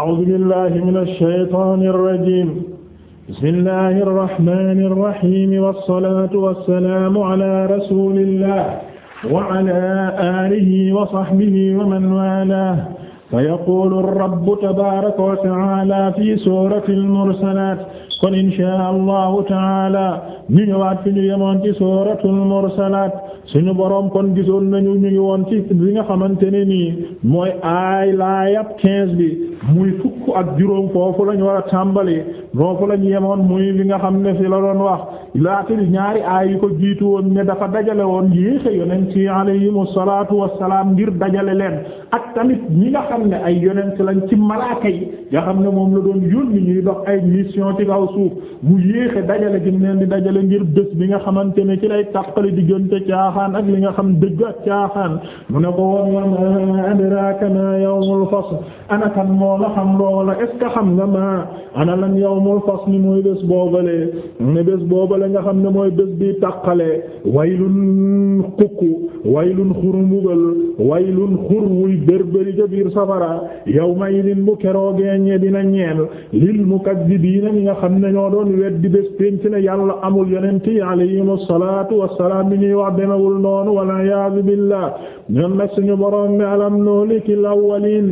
a'uuzu billaahi mina shaytaani rajiim bismillaahi rahmaani rahiim wassalaatu wassalaamu alaa rasuulillaah wa alaa aalihi wa sahbihi wa man waalaah fayaquulu rabbu tabaaraka wa ta'aalaa fii suuratil mursalaat kon inshaa allahu ta'aalaa ñu ñëwaat fi ñu yemoon ci suuratul mursalaat suñu boroom kon gisoon nañu ñu ngi woon ci li nga xamante ne nii mooy aay laayab 15 bi. muy fukk ak juróom foofu lañu war a tàmbali foofu lañu yemoon muy li nga xam ne fi la doon wax laata ñaari aay yi ko jiitu woon ne dafa dajale woon yéexe yonent ci alayhimu salaatu salaam ngir dajale leen ak tamit ñi nga xam ne ay yonent lañ ci malaaka yi nga xam ne moom la doon yónni ñuy dox ay mission ci kaw suuf mu yéexe dajale gi mu leen di dajale ngir bés bi nga xamante ne ci lay tàqali diggante caaxaan ak li nga xam dëgg ak caaxaan mu ne ko woon wa ma adraka moo la xam loola est ce que xam nga ma ana lan yawmul fasl ni mooy bés boobale ne bés boobale nga xam ne mooy bés bi tàqale waylun kukku waylun xurmugal waylun xurwuy bérbéri ca biir safara yawma idin bu keroogee ñe dina ñeel lil mukazzibiina ñi nga xam ne ñoo doon weddi bés pénc ne yàlla amul yonent yi alayhim wa wasalaam bi ñuy wax demewul noonu wal iyaazu billah ñoom nag suñu boroom ne alam nuhlikil awwaliin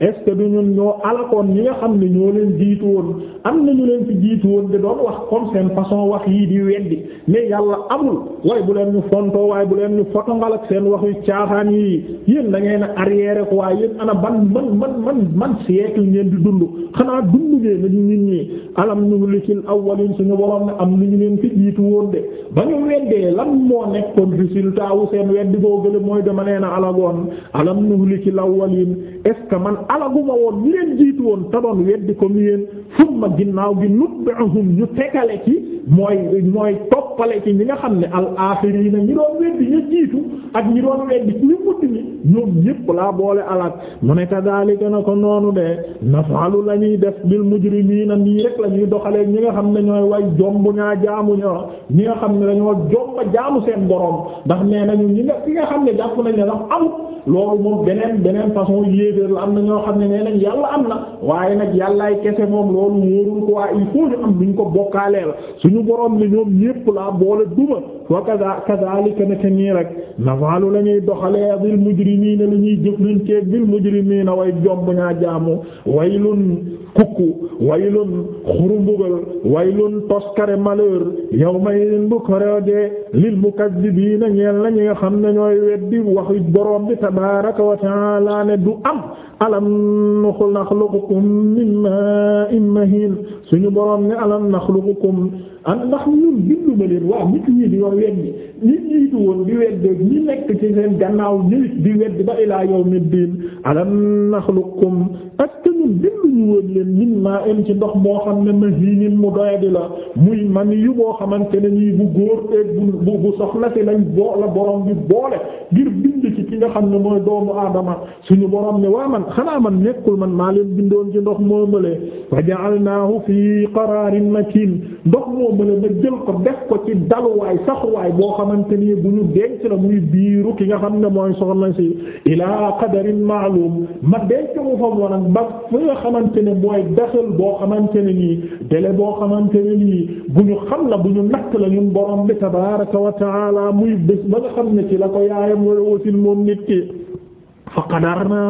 est-ce que du ñun ñoo alakoon ñi nga xam ne ñoo leen jiitu woon am na ñu leen fi jiitu woon di doon wax comme seen façon wax yii di weddi mais yàlla amul waaye bu leen ñu fontoo waaye bu leen ñu fotongal ak seen wax yu caaxaan yi yéen da ngeen a ko waaye yéen ana ban man man man man siècle ngeen di dund xanaa dund ngeen ñu nit ñi alam nuhlikil awwalin suñu borom ne am ñu leen fi jiitu woon de ba ñu weddee lan moo nekkoon résultat wu seen weddi boo gële mooy dama nee na alagoon alam nuhlikil awwalin est ce que man alaguma woon ñu leen jiitu woon ta doon weddi comme yéen summa ginnaaw gi nutbi'uhum ñu tegale ci mooy mooy toppale ci ñi nga xam ne al aaxiriina ñi doon weddi ñu jiitu ak ñi doon weddi ñu mujj ñi ñoom ñépp laa boole alak mu ne kadaalika na ko noonu de nafaalu la ñuy def bil mujrimiina nii rek la ñuy doxalee ñi nga xam ne ñooy way jomb ñaa jaamu ñoo ñi nga xam ne dañoo jomba jaamu seen borom ndax nee nañu ñi nga ki nga xam ne jàpp nañ ne sax loolu moom beneen beneen façon yéeféer la am na ñoo xam ne nee nañ yàlla am na waaye nag yàllaay kese moom loolu wóorul quoi il faut ñu am luñ ko bokkaalee la suñu borom ne ñoom ñépp laa boole duma wa kaza kazalika ne te nii rek nafalu lañuy ñuy doxalee bil mujrimiina la ñuy jëflanteek bil mujrimiina way jomb ñaa jaamu waylun kukku waylun xurumbugal waylun toskare malheur yawma idin bu korode lil mukazzibiina ñeel la ñi xam ne weddi tabaaraka wa ta'aala ne du am alam naxluqukum min maa'in mahiin suñu boroom ne alam naxluqukum an ndax ñun bindu ma leen waaw nit ñi di woon di weddi ñi nekk ci seen gannaaw ñi di weddi ba ilaa yawmi diin alam naxluqukum ak te ñun bindu ñu woon leen min maa'in ci ndox moo xam ne mahiin mu doyadi la muy man yu boo xamante ne bu góor teeg bu soxna si lañ boo la boroom bi boole ngir bind ci ki nga xam ne mooy doomu aadama suñu boroom ne waa man xanaa man nekkul man maa leen bindoon ci ndox moomale wa ja'alnaahu fii qaraarin makiin ndox moomale ma jël ko def ko ci daluwaay saxuwaay boo xamante ni bu ñu denc la muy biiru ki nga xam ne mooy soxna si ilaa qadarin ma'luum ma denc mu fa woon ba fi nga xamante ne mooy daxal boo xamante ne nii délai boo xamante ne nii bu ñu xam la bu ñu natt la ñun borom bi tabaaraka wa ta'aala muy bés ba nga xam ne ci la ko yaayam wala wasin moom nit ki fa qadarna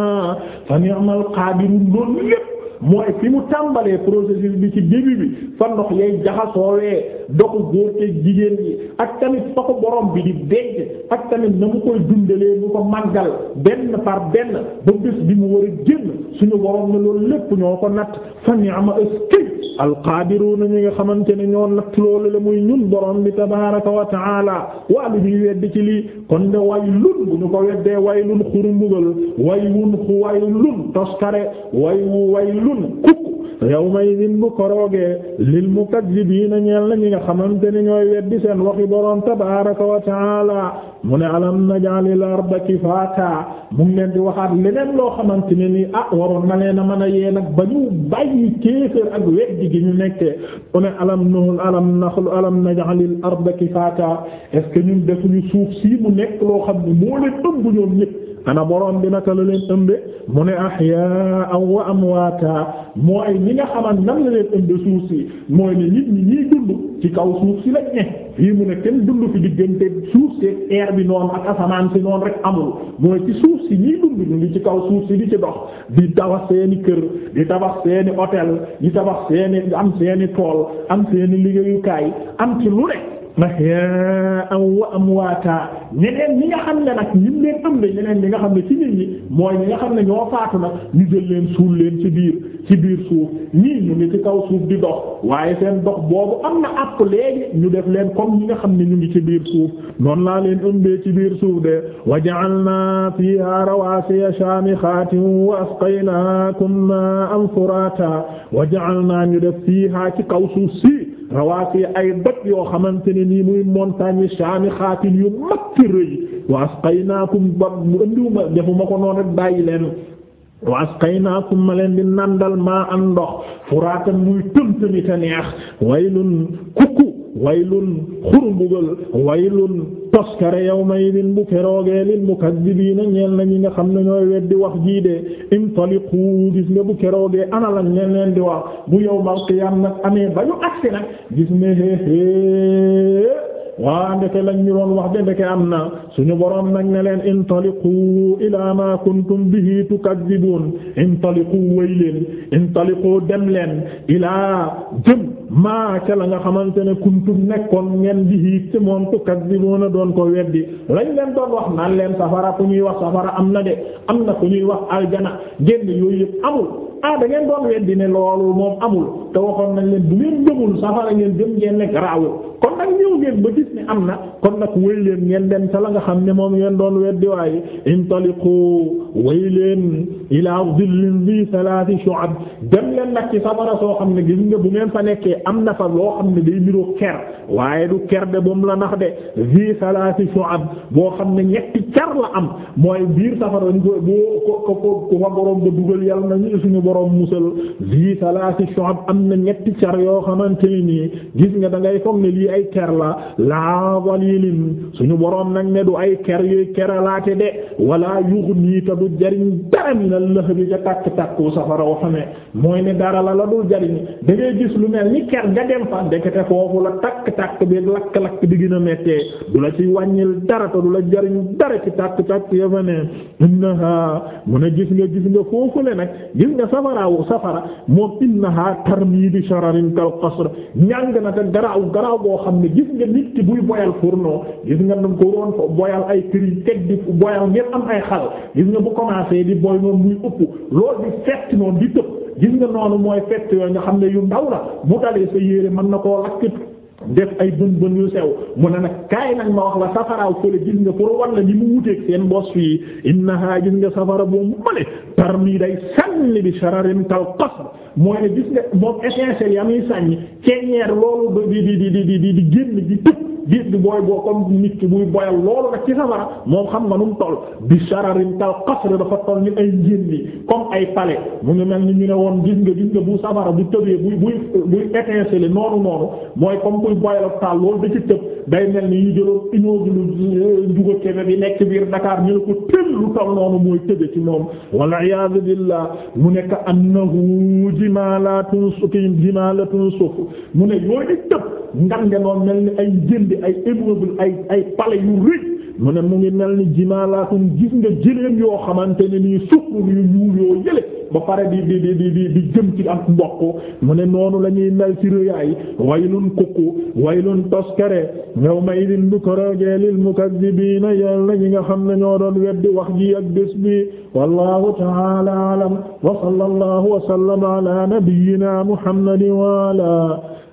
fa ni'mal qadirun loolu lépp mooy fi mu tàmbalee processus bi ci début bi fa ndox yay jaxasoowee doxu góor te jigéen yi ak tamit fa ko borom bi di denc ak tamit na mu koy dundalee mu ko màggal benn par benn ba bés bi mu war a génn suñu borom ne loolu lépp ñoo ko natt fa ni'ma eskay alqaadiruna ñi nga xamante ne ñoo natt loolu la muy ñun borom bi tabaaraka wa ta'ala waalu ñuy weddi ci lii kon de waylun bu ñu ko weddee waylun xurumbugal waylun waylun toskare way way waylun kukk yawma idin bu koroogee lil mukazzibiina ñeel na ñi nga xamante ne ñooy weddi seen waxi boroom tabaaraka wa taala mu ne alam naj'alil arda kifaata mu ngi leen di waxaat leneen loo xamante ne nii ah waroon na leen a mën a nag ba ñu bàyyi kéefër ak weddi ñu nekkee mu ne alam nuhul alam naxlu alam naj'alil arda kifaata est-ce que ñun defuñu suuf sii mu nekk loo xam ne moo leen ëmb ñoom ñépp ana borom bi naka la leen ëmbe mu ne ahyaa wa amwaata mooy ñi nga xaman nan la leen ëmbe suuf si mooy ne nit ñi ñiy dund ci kaw suuf si lañ ne fii mu ne kenn dund fi diggante suuf si air bi noon ak asamaan si noonu rek amul mooy ci suuf si ñiy dund ñu ngi ci kaw suuf si di ci dox di tabax seeni kër di tabax seeni otel di tabax seeni am seeni tool am seeni liggéeyukaay am ci lu ne ahyaa'an wa amwaata ñeneen ñi nga xam ne nag ñim leen am ñeneen ñi nga xam ne ci nit ñi mooy ñi nga xam ne ñoo faatu nag ñu jël leen suul leen ci biir ci biir suuf ñii ñu ngi ci kaw suuf di dox waaye seen dox boobu am na àpp léegi ñu def leen comme ñi nga xam ne ñu ngi ci biir suuf noonu laa leen ëmbee ci biir suuf de wa ja'alnaa fiihaa rawaasiya shaamixaatin wa asqaynaakum maa'an furaata wa ja'alnaa ñu def fiihaa ci kaw suuf si rawaasi ay doj yoo xamante ne nii muy montagne shaami xaatin yu mag ci wa asqaynaakum ba andiwuma defuma ko noon rek bàyyi leen wa asqaynaakum ma leen di nandal maa an ndox furaatan muy tëmtëmi te neex waylun kukku waylun xurumbugal waylun toskare yawma idin bu keroogee lil mukazzibiina ñeel na ñi nga xam ne ñooy weddi wax jii de intaliqu gis nga bu keroogee ana lañ leen leen di wax bu yawmal qiyaam nag amee ba ñu agsi nag gis ne hee hee waa ndeke lañ ñu doon wax de ndeke am na suñu boroom nag ne leen intaliqu ila ma kuntum bihi tukadibun intaliqu wéy leen intaliqu dem leen ilaa jëm maa ca la nga xamante ne kuntum nekkoon ngeen bihi ci moom tukadibun a doon ko weddi lañ leen doon wax naan leen safara ku ñuy wax safara am na de am na fu ñuy wax aljana génn yooyu yëpp amul ah da doon weddi ne loolu moom amul te waxoon nañ leen bu ngeen gëmul safara ngeen jëm ngeen nekk kon nag ñëw ngeen ba gis ne am na kon nag wéy leen ngeen dem sa la nga xam ne moom ngeen doon weddi waaye intaliqu wéy leen ilaa dhillin bi thalathi shu'ab dem leen nag ci sabara soo xam ne gis nga bu ngeen fa nekkee am na fa loo xam ne day niroo ker waaye du ker de boomu la nax de vi thalathi shu'ab boo xam ne ñetti car la am mooy biir safara ñu ko boo ko ko ko fa borom ba dugal yàlla nañu suñu borom musal vi thalathi shu'ab am na ñetti car yoo xamante ni gis nga da ngay foog ne lii ay ker la laa walilin suñu boroom nag ne du ay ker yuy keralaate de wala yughni ta du jariñ dara minal lahbi ca takk takku safara wa xame mooy ne dara la la dul jariñ gis lu mel ni ker nga dem fa la takk takk bi lakk lakk bi gën a mettee du la ci wàññil dara ta du la jariñ dara ci takk takk ya fa ne innaha mu a gis nga gis nga foofu le nag gis nga safaraawu safara moom innaha tarmidi shararin kal qasr ñàng na te garaaw garaaw boo xam ne gis nga nit ki buy boyal fourneau gis nga nu ko roon ko boyal ay këriñ teg di boyal ngir am ay xal gis nga bu commencé di boy noonu muy ëpp loolu di fett noonu di tëb gis nga noonu mooy fett yooyu nga xam ne yu ndaw la bu dalee sa yére mën na koo lakk def ay bën bën yu sew mu ne nag kaay nag ma wax la safaraaw fële gis nga pour walla ni mu wuteeg seen bos fii innaha gis nga safara boobu mu ne parmi day sànni bi shararin kal mooy ne gis nga moom étincelle ya muy sànni ceeñeer loolu di di di di di di génn di tëb gis bi booy boo comme nit ki buy boyal loolu nag ci safara moom xam nga nu mu toll bi shararin kal qasr dafa toll ni ay njénni comme ay palais mu ngi mel ni ñu ne woon gis nga gis nga bu safara bu tëbee buy buy buy étincelle noonu noonu mooy comme buy boyal taal loolu da ci tëb day mel ni ñu jëloon inoogi lu duga euh, kebe bi nekk biir ndakaar ñu ne ko tël lu toll noonu mooy tëbe ci moom wal iyaazu billah mu nekk annahu bima la tunsuki bima la mu ne yooyu tëb ngan nga noon mel ni ay jëndi ay immeuble ay ay yu rëy mu ne mu ngi mel ni jimaalaatum gis nga jëléem yoo xamante ne nii sukkur yu ñuul yoo yële ba pare bi di di di ci ak mbokk mu ne noonu la mel ci rëyaay waylun kukku waylun toskare yawma idin bu korogee lil mukazzibiina yal na nga xam ne ñoo doon weddi wax ji ak bés bi wallahu a'lam wa sallallahu wa sallama ala nabiyyina muhammadin wa ala